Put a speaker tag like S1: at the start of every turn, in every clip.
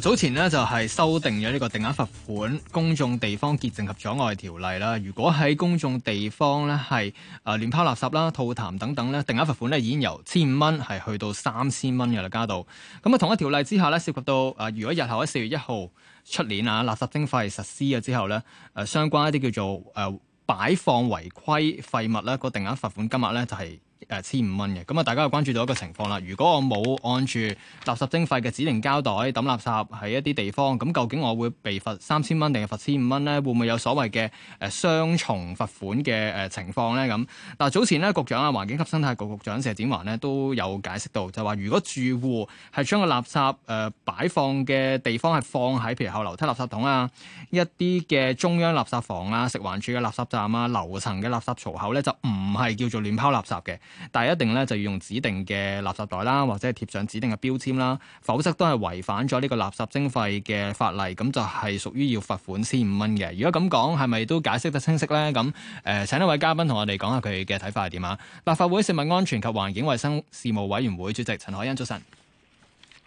S1: 早前呢，就係修訂咗呢個定額罰款公眾地方潔淨及阻礙條例啦，如果喺公眾地方呢，係誒亂拋垃圾啦、吐痰等等呢，定額罰款呢已經由千五蚊係去到三千蚊嘅啦，加到。咁啊，同一條例之下呢，涉及到誒如果日後喺四月一號出年啊，垃圾徵費實施咗之後呢，誒相關一啲叫做誒擺放違規廢物呢個定額罰款金額呢，就係、是。誒千五蚊嘅咁啊，大家又關注到一個情況啦。如果我冇按住垃圾徵費嘅指定膠袋抌垃圾喺一啲地方，咁究竟我會被罰三千蚊定係罰千五蚊呢？會唔會有所謂嘅誒雙重罰款嘅誒情況呢？咁嗱，早前呢，局長啊，環境及生態局局，局長謝展寰呢都有解釋到，就話如果住戶係將個垃圾誒、呃、擺放嘅地方係放喺譬如後樓梯垃圾桶啊、一啲嘅中央垃圾房啊、食環署嘅垃圾站啊、樓層嘅垃圾槽口呢，就唔係叫做亂拋垃圾嘅。但係一定咧，就要用指定嘅垃圾袋啦，或者係貼上指定嘅標籤啦，否則都係違反咗呢個垃圾徵費嘅法例，咁就係屬於要罰款千五蚊嘅。如果咁講，係咪都解釋得清晰呢？咁誒、呃，請一位嘉賓同我哋講下佢嘅睇法係點啊？立法會食物安全及環境衛生事務委員會主席陳凱欣，早晨。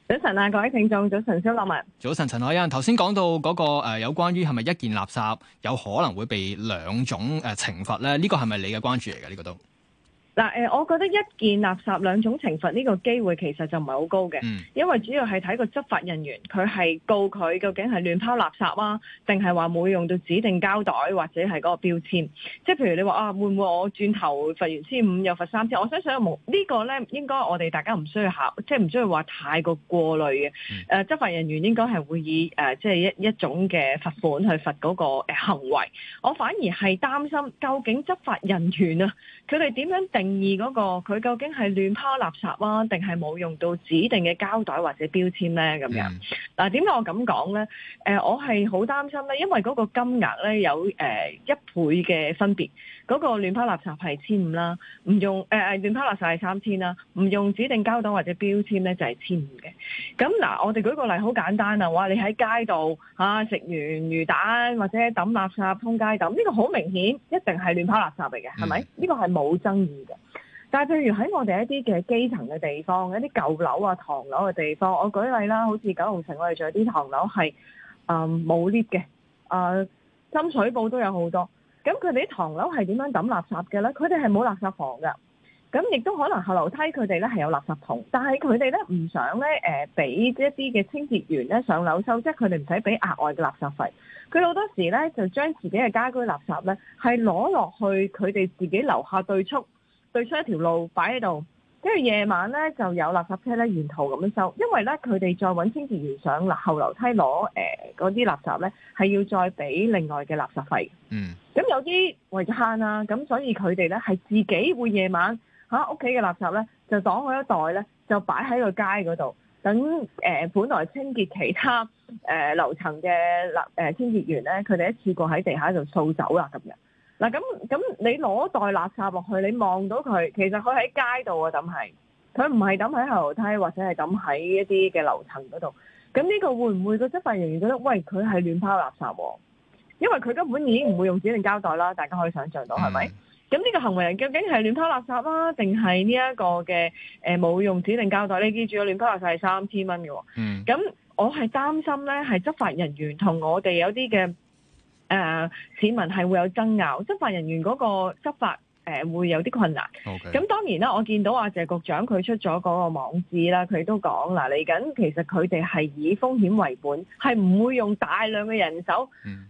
S2: 早晨啊，各位聽眾，早晨，小樂
S1: 物。早晨，陳凱欣。頭先講到嗰、那個、呃、有關於係咪一件垃圾有可能會被兩種誒懲罰咧？呢、這個係咪你嘅關注嚟嘅？呢、這個都。
S2: 但誒，我覺得一件垃圾兩種懲罰呢個機會其實就唔係好高嘅，因為主要係睇個執法人員，佢係告佢究竟係亂拋垃圾啊，定係話冇用到指定膠袋或者係嗰個標籤。即係譬如你話啊，會唔會我轉頭罰完千五又罰三千？我想想冇呢個咧，應該我哋大家唔需要考，即係唔需要話太過過濾嘅。誒、嗯、執法人員應該係會以誒即係一一種嘅罰款去罰嗰個誒行為，我反而係擔心究竟執法人員啊，佢哋點樣定？而嗰個佢究竟係亂拋垃圾啊，定係冇用到指定嘅膠袋或者標籤咧？咁樣嗱，點解我咁講咧？誒，我係好擔心咧，因為嗰個金額咧有誒、呃、一倍嘅分別。嗰個亂拋垃圾係千五啦，唔用誒誒亂拋垃圾係三千啦，唔用指定膠袋或者標籤咧就係千五嘅。咁嗱，我哋舉個例好簡單哇啊，話你喺街度嚇食完魚蛋或者抌垃圾通街抌，呢個好明顯一定係亂拋垃圾嚟嘅，係咪？Mm. 呢個係冇爭議嘅。但係，譬如喺我哋一啲嘅基層嘅地方，一啲舊樓啊、唐樓嘅地方，我舉例啦，好似九龍城我們的樓是，我哋仲有啲唐樓係誒冇 lift 嘅，誒、呃、深水埗都有好多。咁佢哋啲唐樓係點樣抌垃圾嘅咧？佢哋係冇垃圾房噶。咁亦都可能後樓梯佢哋咧係有垃圾桶，但係佢哋咧唔想咧誒俾一啲嘅清潔員咧上樓收，即係佢哋唔使俾額外嘅垃圾費。佢好多時咧就將自己嘅家居垃圾咧係攞落去佢哋自己樓下對出。對出一條路擺喺度，跟住夜晚咧就有垃圾車咧沿途咁樣收，因為咧佢哋再揾清潔員上後樓梯攞誒嗰啲垃圾咧，係要再俾另外嘅垃圾費。嗯，咁有啲為咗慳啦，咁所以佢哋咧係自己會夜晚吓屋企嘅垃圾咧就擋開一袋咧，就擺喺個街嗰度，等誒、呃、本來清潔其他誒樓層嘅垃誒清潔員咧，佢哋一次過喺地下度掃走啦咁樣。嗱咁咁，你攞袋垃圾落去，你望到佢，其實佢喺街度啊！咁係，佢唔係咁喺後樓梯，或者係咁喺一啲嘅樓層嗰度。咁呢個會唔會個執法人員覺得，喂佢係亂拋垃圾？因為佢根本已經唔會用指定膠袋啦。大家可以想象到係咪？咁呢個行為人究竟係亂拋垃圾啊，定係呢一個嘅誒冇用指定膠袋？你記住啊，亂拋垃圾係三千蚊嘅。嗯。咁我係擔心咧，係執法人員同我哋有啲嘅。誒市民係會有爭拗，執法人員嗰個執法誒會有啲困難。咁當然啦，我見到阿謝局長佢出咗嗰個網誌啦，佢都講啦，嚟緊，其實佢哋係以風險為本，係唔會用大量嘅人手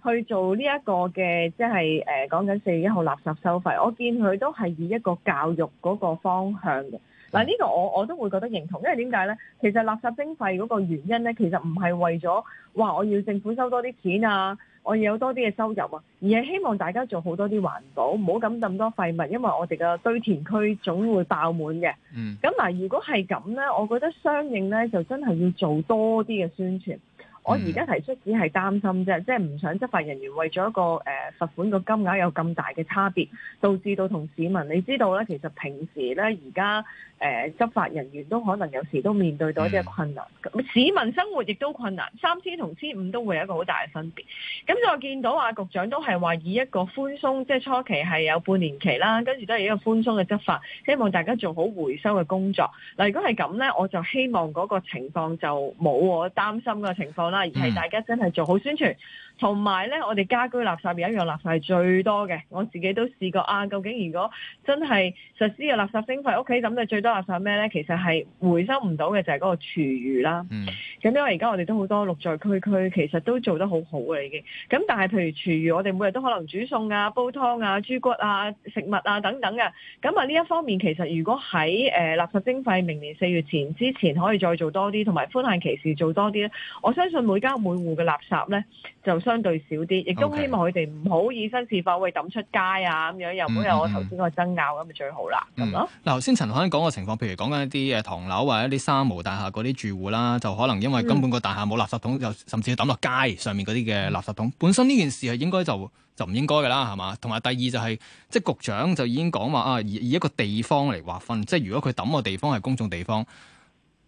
S2: 去做呢一個嘅，即係誒講緊四月一號垃圾收費。我見佢都係以一個教育嗰個方向嘅。嗱、這、呢個我我都會覺得認同，因為點解呢？其實垃圾徵費嗰個原因呢，其實唔係為咗話我要政府收多啲錢啊，我要有多啲嘅收入啊，而係希望大家做好多啲環保，唔好咁咁多廢物，因為我哋嘅堆填區總會爆滿嘅。嗯，咁嗱，如果係咁呢，我覺得相應呢，就真係要做多啲嘅宣傳。我而家提出只係擔心啫，即係唔想執法人員為咗一個誒罰款個金額有咁大嘅差別，導致到同市民，你知道咧，其實平時咧而家誒執法人員都可能有時都面對到一啲困難，市民生活亦都困難。三千同千五都會有一個好大嘅分別。咁就見到啊局長都係話以一個寬鬆，即係初期係有半年期啦，跟住都係一個寬鬆嘅執法，希望大家做好回收嘅工作。嗱，如果係咁咧，我就希望嗰個情況就冇我擔心嘅情況。嗯、而係大家真係做好宣傳，同埋呢，我哋家居垃圾有一樣垃圾係最多嘅。我自己都試過啊，究竟如果真係實施嘅垃圾徵費，屋企咁嘅最多垃圾咩呢？其實係回收唔到嘅就係嗰個廚餘啦。咁、嗯、因為而家我哋都好多綠在區區，其實都做得好好嘅已經。咁但係譬如廚餘，我哋每日都可能煮餸啊、煲湯啊、豬骨啊、食物啊等等嘅。咁啊呢一方面，其實如果喺誒垃圾徵費明年四月前之前可以再做多啲，同埋寬限期時做多啲咧，我相信。每家每戶嘅垃圾咧就相對少啲，亦都希望佢哋唔好以身試法，會抌出街啊咁樣，又唔好有我頭先嗰個爭拗咁咪、嗯、最好啦，係、嗯、咯。
S1: 嗱頭先陳凱欣講嘅情況，譬如講緊一啲誒唐樓或者一啲三無大廈嗰啲住戶啦，就可能因為根本個大廈冇垃圾桶，又、嗯、甚至要抌落街上面嗰啲嘅垃圾桶，本身呢件事係應該就就唔應該嘅啦，係嘛？同埋第二就係、是、即係局長就已經講話啊以，以一個地方嚟劃分，即係如果佢抌個地方係公眾地方。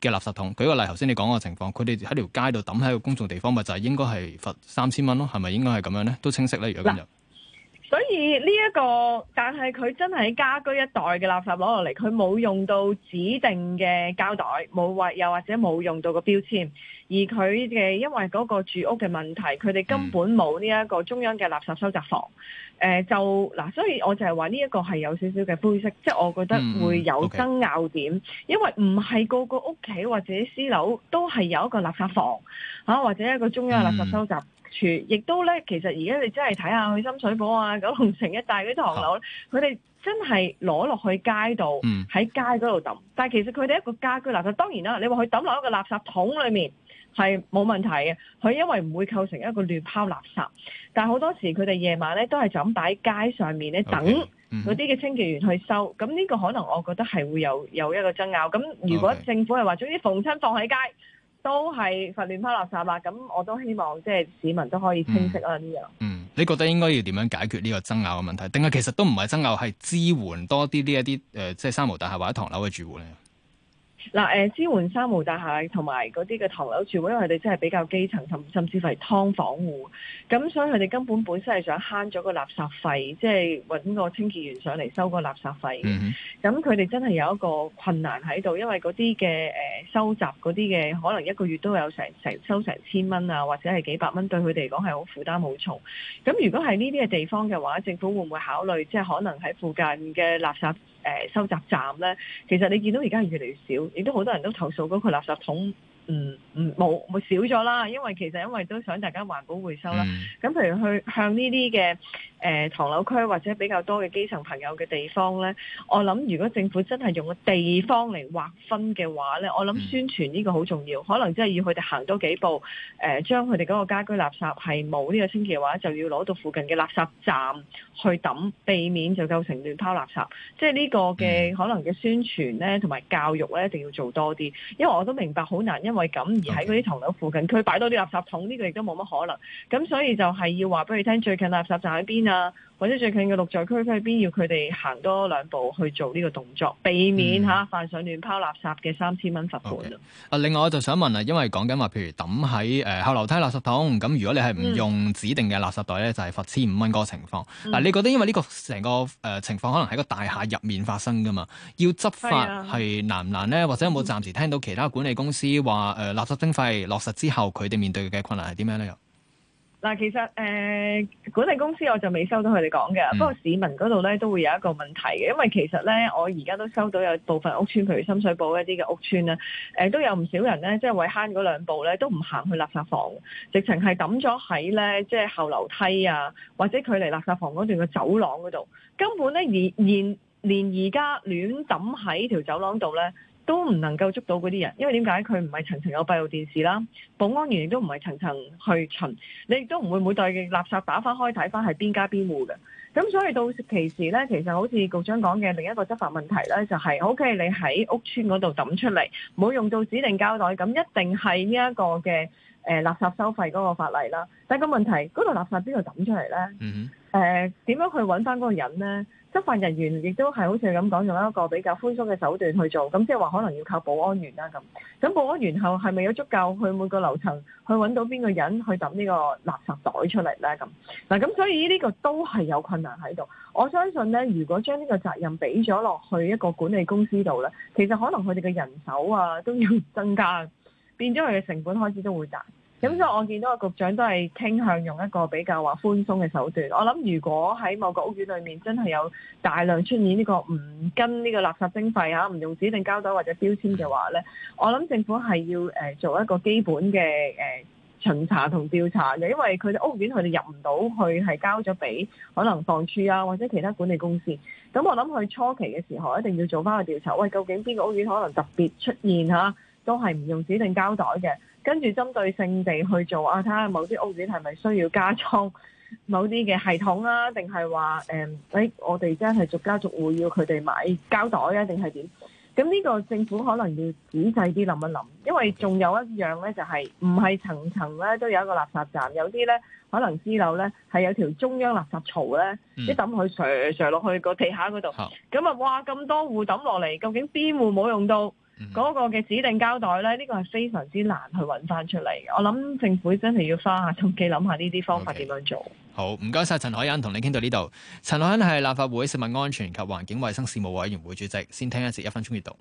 S1: 嘅垃圾桶，舉個例，頭先你講嘅情況，佢哋喺條街度抌喺個公眾地方，咪就係、是、應該係罰三千蚊咯？係咪應該係咁樣咧？都清晰咧，如果今日。
S2: 所以呢、這、一個，但係佢真係家居一代嘅垃圾攞落嚟，佢冇用到指定嘅膠袋，冇或又或者冇用到個標籤，而佢嘅因為嗰個住屋嘅問題，佢哋根本冇呢一個中央嘅垃圾收集房，誒、嗯呃、就嗱，所以我就係話呢一個係有少少嘅灰色，即係我覺得會有爭拗點，okay. 因為唔係個個屋企或者私樓都係有一個垃圾房啊，或者一個中央嘅垃圾收集。嗯亦都咧，其實而家你真係睇下去深水埗啊、九龍城一帶嗰啲唐樓，佢哋真係攞落去街度，喺、嗯、街嗰度抌。但係其實佢哋一個家居垃圾，當然啦，你話佢抌落一個垃圾桶裏面係冇問題嘅，佢因為唔會構成一個亂拋垃圾。但係好多時佢哋夜晚咧都係就咁擺喺街上面咧、okay, 等嗰啲嘅清潔員去收。咁、嗯、呢個可能我覺得係會有有一個爭拗。咁如果政府係話、okay. 總之逢親放喺街。都係罰亂拋垃圾啦，咁我都希望即係市民都可以清
S1: 晰啊呢樣。嗯，你覺得應該要點樣解決呢個爭拗嘅問題？定係其實都唔係爭拗，係支援多啲呢一啲、呃、即係三無大廈或者唐樓嘅住戶咧？
S2: 嗱，誒支援三無大廈同埋嗰啲嘅唐樓住戶，因為佢哋真係比較基層，甚甚至係劏房戶，咁所以佢哋根本本身係想慳咗個垃圾費，即係揾個清潔員上嚟收個垃圾費。咁佢哋真係有一個困難喺度，因為嗰啲嘅誒收集嗰啲嘅，可能一個月都有成成收成千蚊啊，或者係幾百蚊，對佢哋嚟講係好負擔好重。咁如果係呢啲嘅地方嘅話，政府會唔會考慮即係可能喺附近嘅垃圾？誒收集站咧，其實你見到而家越嚟越少，亦都好多人都投訴嗰個垃圾桶。嗯嗯，冇冇少咗啦，因為其實因為都想大家環保回收啦。咁譬如去向呢啲嘅唐樓區或者比較多嘅基層朋友嘅地方咧，我諗如果政府真係用個地方嚟劃分嘅話咧，我諗宣傳呢個好重要，可能真係要佢哋行多幾步，誒、呃、將佢哋嗰個家居垃圾係冇呢個清潔嘅話，就要攞到附近嘅垃圾站去抌，避免就構成亂拋垃圾。即係呢個嘅可能嘅宣傳咧，同埋教育咧，一定要做多啲。因為我都明白好難。因為咁而，喺嗰啲唐樓附近，佢擺多啲垃圾桶，呢個亦都冇乜可能。咁所以就係要話俾佢聽，最近垃圾站喺邊啊？或者最近嘅綠在區區邊要佢哋行多兩步去做呢個動作，避免嚇犯上亂拋垃圾嘅三千蚊罰
S1: 款啊！Okay. 另外我就想問啊，因為講緊話，譬如抌喺誒後樓梯垃圾桶，咁如果你係唔用指定嘅垃圾袋咧、嗯，就係罰千五蚊嗰個情況。嗱、嗯，你覺得因為呢個成個誒、呃、情況可能喺個大廈入面發生噶嘛，要執法係難唔難呢、嗯？或者有冇暫時聽到其他管理公司話誒、呃、垃圾徵費落實之後，佢哋面對嘅困難係點樣呢？
S2: 嗱，其實誒、呃，管理公司我就未收到佢哋講嘅，不過市民嗰度咧都會有一個問題嘅，因為其實咧我而家都收到有部分屋村，譬如深水埗一啲嘅屋村咧、呃，都有唔少人咧，即係為慳嗰兩步咧，都唔行去垃圾房，直情係抌咗喺咧即係後樓梯啊，或者距離垃圾房嗰段嘅走廊嗰度，根本咧連連而家亂抌喺條走廊度咧。都唔能夠捉到嗰啲人，因為點解佢唔係層層有閉路電視啦？保安員亦都唔係層層去巡，你亦都唔會每袋嘅垃圾打翻開睇翻係邊家邊戶嘅。咁所以到其時呢，其實好似局長講嘅另一個執法問題呢、就係，就係 OK，你喺屋邨嗰度抌出嚟，冇用到指定膠袋，咁一定係呢一個嘅、呃、垃圾收費嗰個法例啦。但係個問題，嗰度垃圾邊度抌出嚟呢？誒、嗯、點、呃、樣去揾翻嗰個人呢？執法人員亦都係好似咁講，用一個比較寬鬆嘅手段去做，咁即係話可能要靠保安員啦咁。咁保安員後係咪有足夠去每個樓層去揾到邊個人去揼呢個垃圾袋出嚟呢？咁嗱，咁所以呢個都係有困難喺度。我相信呢，如果將呢個責任俾咗落去一個管理公司度呢，其實可能佢哋嘅人手啊都要增加，變咗佢嘅成本開支都會大。咁、嗯、所以，我見到個局長都係傾向用一個比較話寬鬆嘅手段。我諗，如果喺某個屋苑裏面真係有大量出現呢個唔跟呢個垃圾徵費嚇、啊、唔用指定膠袋或者標籤嘅話咧，我諗政府係要誒做一個基本嘅誒、呃、巡查同調查嘅，因為佢哋屋苑佢哋入唔到去係交咗俾可能房署啊或者其他管理公司。咁我諗佢初期嘅時候一定要做翻個調查，喂，究竟邊個屋苑可能特別出現吓、啊，都係唔用指定膠袋嘅？跟住針對性地去做啊，睇下某啲屋苑係咪需要加裝某啲嘅系統啊，定係話誒，誒，我哋真係逐家逐戶要佢哋買膠袋啊，定係點？咁呢個政府可能要仔細啲諗一諗，因為仲有一樣呢、就係，就係唔係層層呢都有一個垃圾站，有啲呢可能私樓呢係有條中央垃圾槽呢，啲抌佢垂落去個地下嗰度，咁啊話咁多戶抌落嚟，究竟邊戶冇用到？嗰、 那個嘅指定膠袋咧，呢、這個係非常之難去揾翻出嚟。我諗政府真係要花下心機，諗下呢啲方法點樣做，okay.
S1: 好。唔該晒，陳凱欣同你傾到呢度。陳凱欣係立法會食物安全及環境衛生事務委員會主席。先聽一節，一分鐘閱讀。